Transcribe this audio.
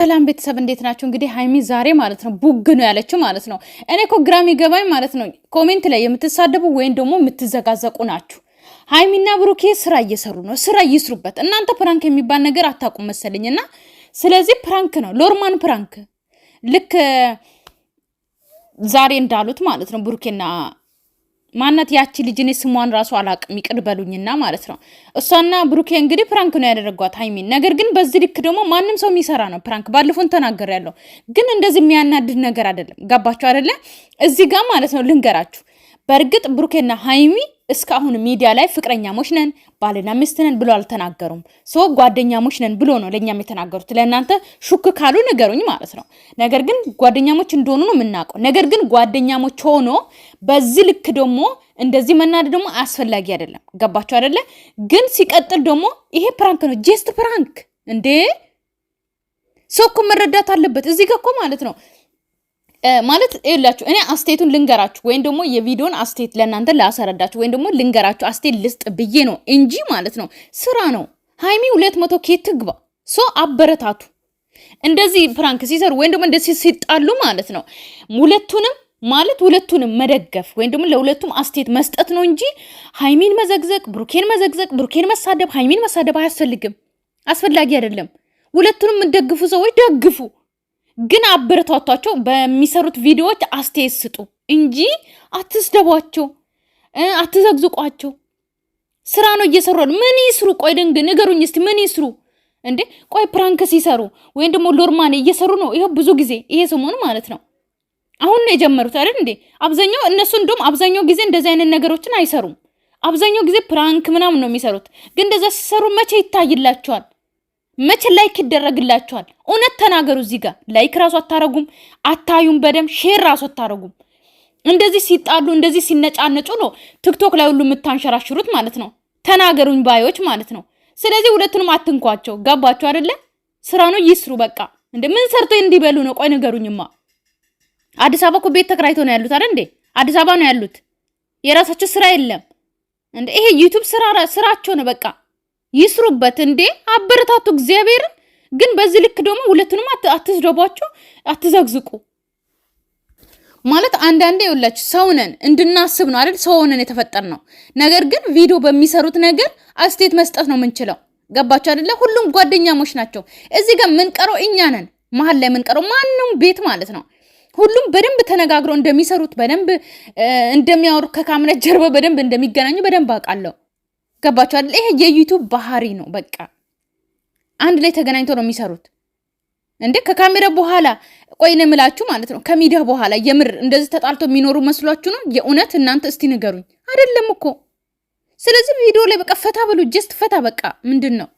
ሰላም ቤተሰብ እንዴት ናቸው? እንግዲህ ሀይሚ ዛሬ ማለት ነው ቡግ ነው ያለችው ማለት ነው። እኔ እኮ ግራ የሚገባኝ ማለት ነው ኮሜንት ላይ የምትሳደቡ ወይም ደግሞ የምትዘጋዘቁ ናችሁ። ሀይሚና ብሩኬ ስራ እየሰሩ ነው፣ ስራ እይስሩበት። እናንተ ፕራንክ የሚባል ነገር አታውቁም መሰለኝ እና ስለዚህ ፕራንክ ነው ሎርማን ፕራንክ ልክ ዛሬ እንዳሉት ማለት ነው ብሩኬና ማናት ያቺ ልጅ? እኔ ስሟን ራሱ አላቅም፣ ይቅር በሉኝና ማለት ነው። እሷና ብሩኬ እንግዲህ ፕራንክ ነው ያደረጓት ሀይሚን። ነገር ግን በዚህ ልክ ደግሞ ማንም ሰው የሚሰራ ነው ፕራንክ። ባለፈውን ተናገር ያለው ግን እንደዚህ የሚያናድድ ነገር አይደለም። ገባችሁ አይደለ? እዚህ ጋር ማለት ነው ልንገራችሁ። በእርግጥ ብሩኬና ሀይሚ እስካሁን ሚዲያ ላይ ፍቅረኛሞች ነን ባልና ሚስት ነን ብሎ አልተናገሩም። ሶ ጓደኛሞች ነን ብሎ ነው ለእኛም የተናገሩት። ለእናንተ ሹክ ካሉ ነገሩኝ ማለት ነው። ነገር ግን ጓደኛሞች እንደሆኑ ነው የምናውቀው። ነገር ግን ጓደኛሞች ሆኖ በዚህ ልክ ደግሞ እንደዚህ መናደድ ደግሞ አስፈላጊ አይደለም። ገባቸው አይደለ? ግን ሲቀጥል ደግሞ ይሄ ፕራንክ ነው፣ ጀስት ፕራንክ እንዴ። ሰው እኮ መረዳት አለበት እዚህ ጋ እኮ ማለት ነው ማለት ይላችሁ እኔ አስቴቱን ልንገራችሁ ወይም ደግሞ የቪዲዮን አስቴት ለእናንተ ላሰረዳችሁ ወይም ደግሞ ልንገራችሁ አስቴት ልስጥ ብዬ ነው እንጂ ማለት ነው። ስራ ነው። ሀይሚ ሁለት መቶ ኬት ትግባ። ሶ አበረታቱ። እንደዚህ ፕራንክ ሲሰሩ ወይም ደግሞ እንደዚህ ሲጣሉ ማለት ነው ሁለቱንም ማለት ሁለቱንም መደገፍ ወይም ደግሞ ለሁለቱም አስቴት መስጠት ነው እንጂ ሀይሚን መዘግዘግ፣ ብሩኬን መዘግዘግ፣ ብሩኬን መሳደብ፣ ሀይሚን መሳደብ አያስፈልግም። አስፈላጊ አይደለም። ሁለቱንም የምትደግፉ ሰዎች ደግፉ። ግን አበረታቷቸው፣ በሚሰሩት ቪዲዮዎች አስተያየት ስጡ እንጂ አትስደቧቸው፣ አትዘግዝቋቸው። ስራ ነው እየሰሩ ምን ይስሩ? ቆይ ድንግ ንገሩኝ እስቲ ምን ይስሩ እንዴ? ቆይ ፕራንክ ሲሰሩ ወይም ደግሞ ሎርማን እየሰሩ ነው። ይሄ ብዙ ጊዜ ይሄ ሰሞን ማለት ነው አሁን ነው የጀመሩት አይደል እንዴ? አብዛኛው እነሱ እንደውም አብዛኛው ጊዜ እንደዚህ አይነት ነገሮችን አይሰሩም። አብዛኛው ጊዜ ፕራንክ ምናምን ነው የሚሰሩት። ግን እንደዛ ሲሰሩ መቼ ይታይላቸዋል? መቼ ላይክ ይደረግላችኋል? እውነት ተናገሩ። እዚህ ጋር ላይክ ራሱ አታረጉም፣ አታዩም፣ በደም ሼር ራሱ አታረጉም። እንደዚህ ሲጣሉ እንደዚህ ሲነጫነጩ ነው ቲክቶክ ላይ ሁሉ የምታንሸራሽሩት ማለት ነው። ተናገሩኝ ባዮች ማለት ነው። ስለዚህ ሁለቱንም አትንኳቸው። ገባችሁ አይደለ? ስራ ነው ይስሩ። በቃ እንደ ምን ሰርቶ እንዲበሉ ነው? ቆይ ንገሩኝማ። አዲስ አበባ እኮ ቤት ተከራይቶ ነው ያሉት አይደል እንዴ? አዲስ አበባ ነው ያሉት። የራሳቸው ስራ የለም እንዴ? ይሄ ዩቲዩብ ስራ ስራቸው ነው በቃ ይስሩበት እንዴ አበረታቱ። እግዚአብሔርን ግን በዚህ ልክ ደግሞ ሁለቱንም አትስደቧቸው፣ አትዘግዝቁ። ማለት አንዳንዴ ይኸውላችሁ ሰው ነን እንድናስብ ነው አይደል? ሰው ነን የተፈጠር ነው። ነገር ግን ቪዲዮ በሚሰሩት ነገር አስቴት መስጠት ነው የምንችለው። ገባችሁ አይደለ? ሁሉም ጓደኛሞች ናቸው። እዚህ ጋር የምንቀረው እኛ ነን፣ መሀል ላይ የምንቀረው ማንም ቤት ማለት ነው። ሁሉም በደንብ ተነጋግረው እንደሚሰሩት በደንብ እንደሚያወሩ ከካምነት ጀርባ በደንብ እንደሚገናኙ በደንብ አውቃለሁ። ገባችኋል? ይሄ የዩቱብ ባህሪ ነው። በቃ አንድ ላይ ተገናኝቶ ነው የሚሰሩት። እንዴ ከካሜራ በኋላ ቆይነ ምላችሁ ማለት ነው። ከሚዲያ በኋላ የምር እንደዚህ ተጣልቶ የሚኖሩ መስሏችሁ ነው? የእውነት እናንተ እስቲ ንገሩኝ። አይደለም እኮ። ስለዚህ ቪዲዮ ላይ በቃ ፈታ ብሉ፣ ጀስት ፈታ። በቃ ምንድን ነው